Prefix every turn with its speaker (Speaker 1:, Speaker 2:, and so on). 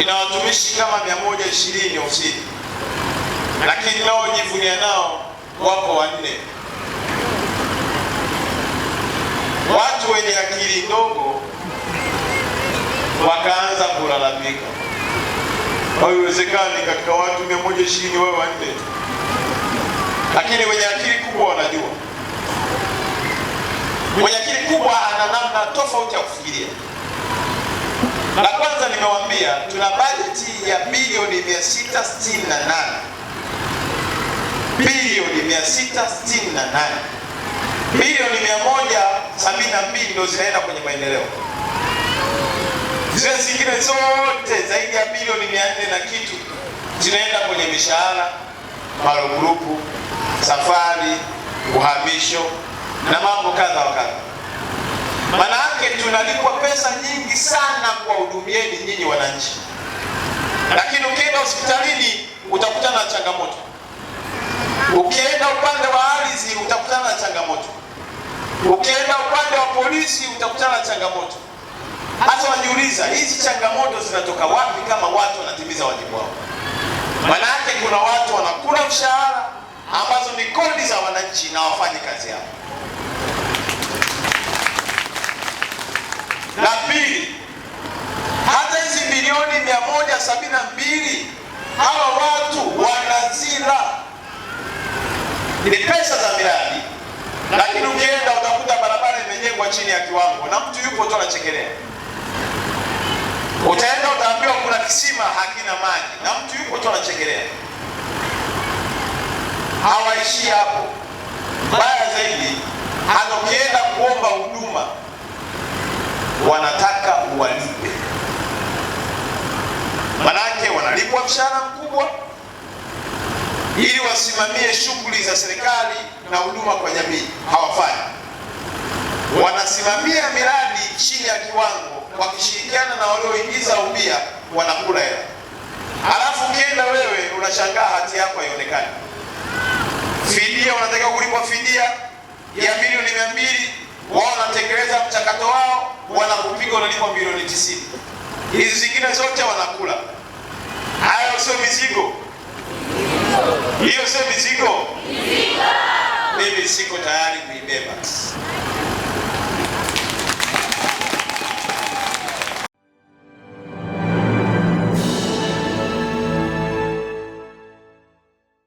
Speaker 1: ina watumishi kama ishirini ofisini, lakini nao jivunia nao wapo wanne. Watu wenye akili ndogo wakaanza kulalamika, haiwezekani katika watu ishirini wawe wanne, lakini wenye akili kubwa wanajua. Mwenye akili kubwa ana namna tofauti ya kufikiria la kwanza nimewambia tuna bajeti ya bilioni 668, bilioni 668, bilioni 172 ndio zinaenda kwenye maendeleo, zile zingine zote zaidi ya bilioni 400 na kitu zinaenda kwenye mishahara, marupurupu, safari, uhamisho na mambo kadha wa kadha tunalipwa pesa nyingi sana kuwahudumieni nyinyi wananchi, lakini ukienda hospitalini utakutana na changamoto, ukienda upande wa ardhi utakutana na changamoto, ukienda upande wa polisi utakutana na changamoto. Hata wajiuliza hizi changamoto zinatoka wapi, kama watu wanatimiza wajibu wao? Maanake kuna watu wanakula mshahara ambazo ni kodi za wananchi na wafanyi kazi yao. ni pesa za miradi, lakini ukienda utakuta barabara imejengwa chini ya kiwango na mtu yupo tu anachekelea. Utaenda utaambiwa kuna kisima hakina maji na mtu yupo tu anachekelea. Hawaishi hapo, mbaya zaidi, hata ukienda kuomba huduma wanataka uwalipe, manake wanalipwa mshahara mkubwa ili wasimamie shughuli za serikali na huduma kwa jamii, hawafanyi. Wanasimamia miradi chini ya kiwango, wakishirikiana na walioingiza ubia, wanakula hela, halafu ukienda wewe unashangaa hati yako haionekani. Fidia wanataka kulipwa fidia ya milioni mia mbili, wao wanatekeleza mchakato wao, wanakupiga wanalipwa milioni tisini. Hizi zingine zote wanakula. Hayo sio mizigo E eu sempre